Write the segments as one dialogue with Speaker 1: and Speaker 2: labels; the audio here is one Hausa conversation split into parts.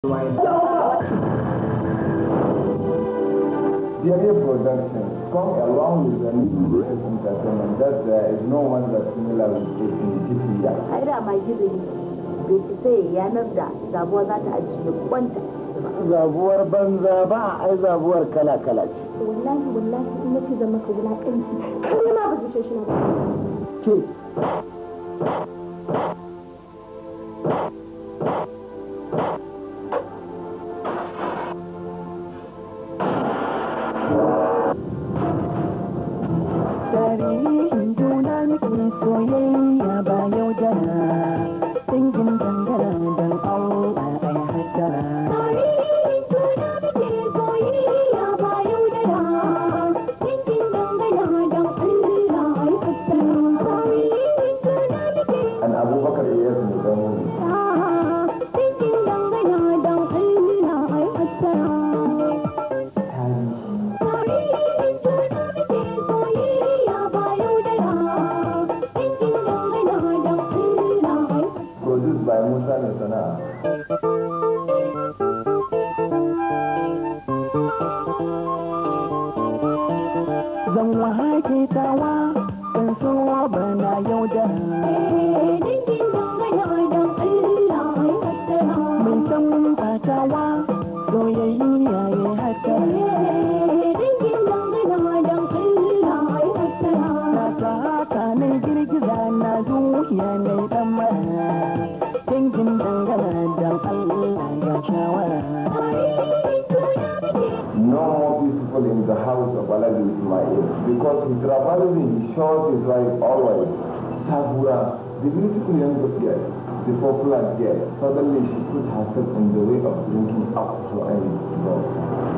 Speaker 1: Theory
Speaker 2: production
Speaker 1: come along with the new entertainment that there is no one that's similar with it in this year.
Speaker 2: Ai da mai gizuri bai ci sai yanar da za ta ajiye
Speaker 1: kwanta zabuwar banza ba ai zabuwar kala kala ce.
Speaker 2: Wallahi wallahi in nake zama ka wulakanci kai ma ba shi na ba. Ke soyayya ba yau jana dangin dangana don Allah ai hajjara
Speaker 1: An abubakar iya su mai sana'a
Speaker 2: zan wahaitawa in so bana yaudara
Speaker 1: people in the house of Alaji Ismail because his rabbanism short, his life always. Sabura, the beautiful young girl, the popular girl, suddenly she put herself in the way of drinking up to any drug.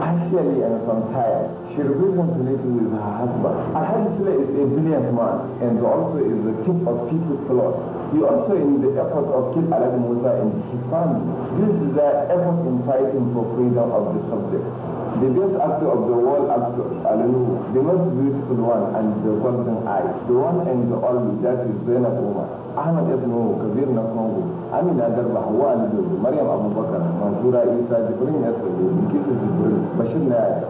Speaker 1: Partially and sometimes, she reconciliated with her husband. Alhaji is a brilliant man and also is the king of people's plot. He also in the effort of King Aladdin Musa and his family. This is their effort in fighting for freedom of the subject. The best actor of the world, actor Alinuhu, the most beautiful one and the golden eye, the one and the only, that is Zena Umar, Ahmed Esmo, Kabir Nakongo, Amina Garba, Hawa Alidu, Maryam Abubakar, Mansura Isa, Kiss of the Jibrin, Bashir Naya,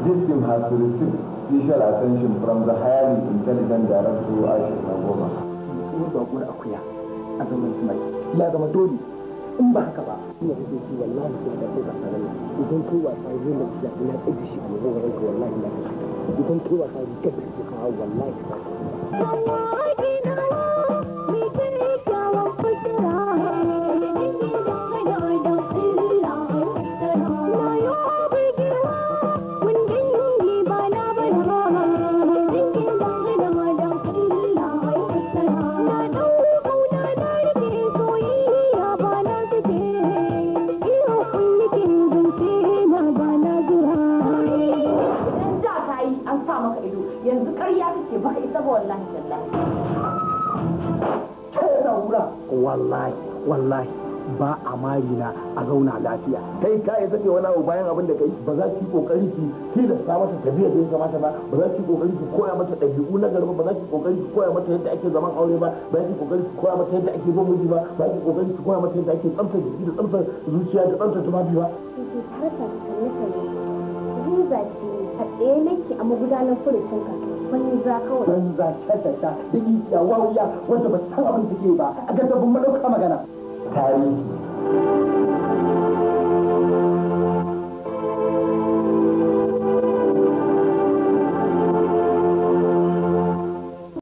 Speaker 1: This team has received special attention from the highly intelligent director Aisha Nagoma. Tsohuwar bakuwar akuya a zaman ya zama dole in ba haka ba ina da
Speaker 2: shi wallahi sai da sai ka sanar idan kai wa sai na da ina tsaye shi ne wurin wallahi idan kai wa sai ka kawo wallahi ka ƙarya kake ba ka isa ba wallahi tallahi wallahi wallahi ba a na a
Speaker 1: zauna lafiya kai ka yi sake wani abu bayan abin da kai ba za ki kokari ki tilasta mata tafiya da ya kamata ba ba za ki kokari ki koya mata ɗabi'u na garba ba za ki kokari ki koya mata yadda ake zaman aure ba ba za ki kokari ki koya mata yadda ake bin miji ba ba za ki kokari ki koya mata yadda ake tsaftar jiki da tsaftar zuciya da tsaftar tufafi ba
Speaker 2: harcen kalli kalli zuza ce a tsaye nake a magudanar furucin ka banza kawai banza shashasha da isiya wawuya wanda ba san abin suke ba a gaggabin madauka magana tarihi